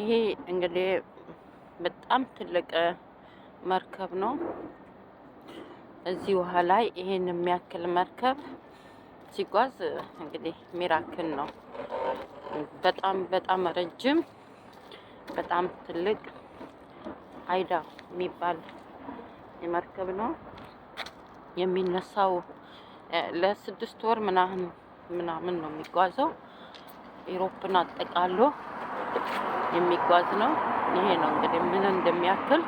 ይሄ እንግዲህ በጣም ትልቅ መርከብ ነው። እዚህ ውሃ ላይ ይሄን የሚያክል መርከብ ሲጓዝ እንግዲህ ሚራክል ነው። በጣም በጣም ረጅም በጣም ትልቅ አይዳ የሚባል መርከብ ነው የሚነሳው። ለስድስት ወር ምናምን ምናምን ነው የሚጓዘው ኢሮፕን አጠቃሎ የሚጓዝ ነው። ይሄ ነው እንግዲህ ምን እንደሚያክል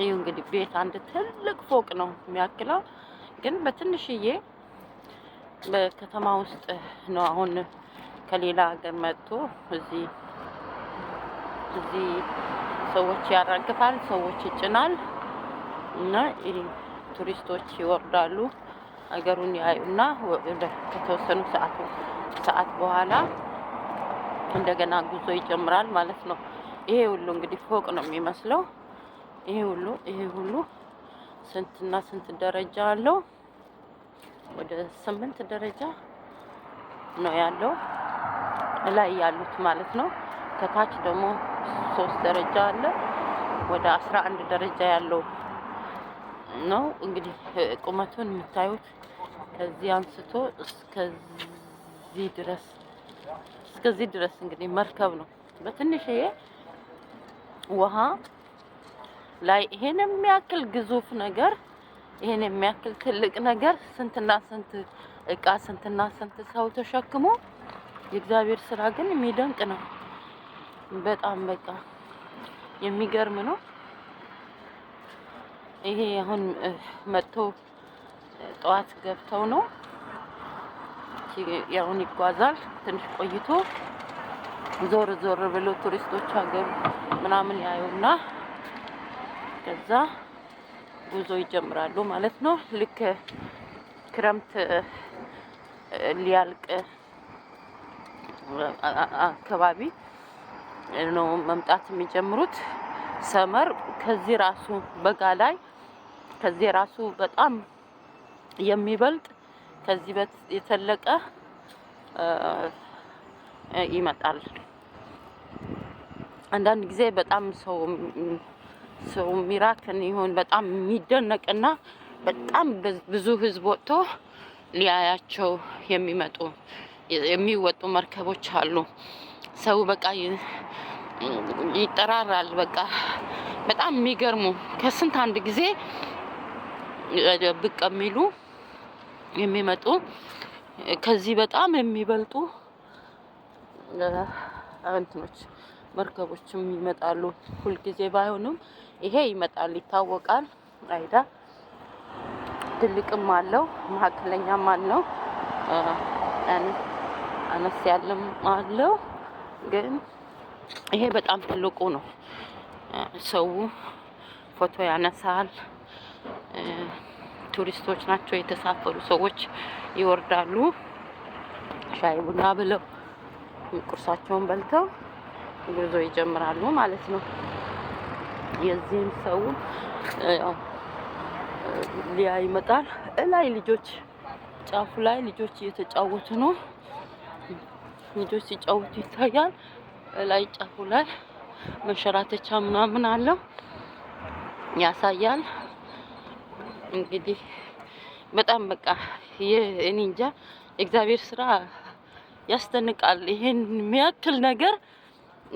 ይህ እንግዲህ ቤት አንድ ትልቅ ፎቅ ነው የሚያክለው፣ ግን በትንሽዬ በከተማ ውስጥ ነው። አሁን ከሌላ ሀገር መጥቶ እዚህ እዚህ ሰዎች ያራግፋል፣ ሰዎች ይጭናል እና ቱሪስቶች ይወርዳሉ። ሀገሩን ያዩና ከተወሰኑ ሰዓት በኋላ እንደገና ጉዞ ይጀምራል ማለት ነው። ይሄ ሁሉ እንግዲህ ፎቅ ነው የሚመስለው። ይሄ ሁሉ ይሄ ሁሉ ስንትና ስንት ደረጃ አለው? ወደ ስምንት ደረጃ ነው ያለው ላይ ያሉት ማለት ነው። ከታች ደግሞ ሶስት ደረጃ አለ። ወደ አስራ አንድ ደረጃ ያለው ነው እንግዲህ ቁመቱን የምታዩት ከዚህ አንስቶ እስከዚህ ድረስ እስከዚህ ድረስ እንግዲህ መርከብ ነው። በትንሽዬ ውሃ ላይ ይሄን የሚያክል ግዙፍ ነገር ይሄን የሚያክል ትልቅ ነገር ስንትና ስንት እቃ ስንትና ስንት ሰው ተሸክሞ የእግዚአብሔር ስራ ግን የሚደንቅ ነው። በጣም በቃ የሚገርም ነው። ይሄ አሁን መጥቶ ጠዋት ገብተው ነው ያሁን ይጓዛል። ትንሽ ቆይቶ ዞር ዞር ብሎ ቱሪስቶች ሀገር ምናምን ያዩና ከዛ ጉዞ ይጀምራሉ ማለት ነው። ልክ ክረምት ሊያልቅ አካባቢ ነው መምጣት የሚጀምሩት። ሰመር ከዚህ ራሱ በጋ ላይ ከዚህ ራሱ በጣም የሚበልጥ ከዚህ የተለቀ ይመጣል። አንዳንድ ጊዜ በጣም ሰው ሰው ሚራክን ይሆን በጣም የሚደነቅና በጣም ብዙ ህዝብ ወጥቶ ሊያያቸው የሚመጡ የሚወጡ መርከቦች አሉ። ሰው በቃ ይጠራራል። በቃ በጣም የሚገርሙ ከስንት አንድ ጊዜ ብቅ የሚሉ የሚመጡ ከዚህ በጣም የሚበልጡ እንትኖች መርከቦችም ይመጣሉ። ሁልጊዜ ባይሆንም ይሄ ይመጣል፣ ይታወቃል። አይዳ ትልቅም አለው፣ መካከለኛም አለው፣ አነስ ያለም አለው። ግን ይሄ በጣም ትልቁ ነው። ሰው ፎቶ ያነሳል። ቱሪስቶች ናቸው። የተሳፈሩ ሰዎች ይወርዳሉ። ሻይ ቡና ብለው ቁርሳቸውን በልተው ጉዞ ይጀምራሉ ማለት ነው። የዚህም ሰው ሊያ ይመጣል። እላይ ልጆች ጫፉ ላይ ልጆች እየተጫወቱ ነው። ልጆች ሲጫወቱ ይታያል። እላይ ጫፉ ላይ መንሸራተቻ ምናምን አለው ያሳያል። እንግዲህ በጣም በቃ እኔ እንጃ ስራ ያስተንቃል። ይሄን የሚያክል ነገር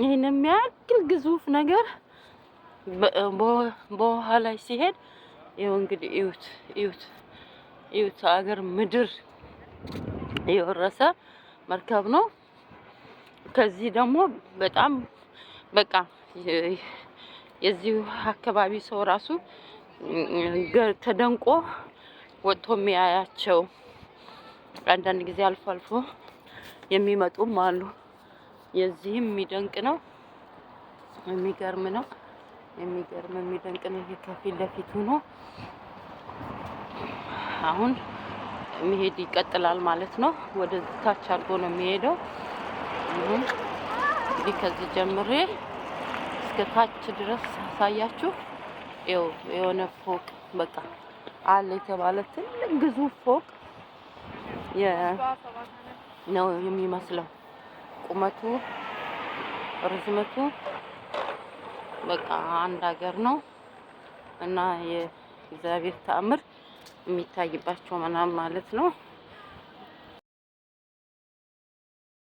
ይሄን የሚያክል ግዙፍ ነገር በውሃ ላይ ሲሄድ ይኸው እንግዲህ እዩት እዩት እዩት አገር ምድር የወረሰ መርከብ ነው። ከዚህ ደግሞ በጣም በቃ የዚህ አካባቢ ሰው ራሱ ተደንቆ ወጥቶ የሚያያቸው አንዳንድ ጊዜ አልፎ አልፎ የሚመጡም አሉ። የዚህም የሚደንቅ ነው፣ የሚገርም ነው፣ የሚገርም የሚደንቅ ነው። ይሄ ከፊት ለፊቱ ነው። አሁን መሄድ ይቀጥላል ማለት ነው። ወደ ታች አድርጎ ነው የሚሄደው። እንግዲህ ከዚህ ጀምሬ እስከ ታች ድረስ አሳያችሁ። የሆነ ፎቅ በቃ አለ የተባለ ትልቅ ግዙፍ ፎቅ ነው የሚመስለው። ቁመቱ ርዝመቱ በቃ አንድ ሀገር ነው እና የእግዚአብሔር ተአምር የሚታይባቸው ምናምን ማለት ነው።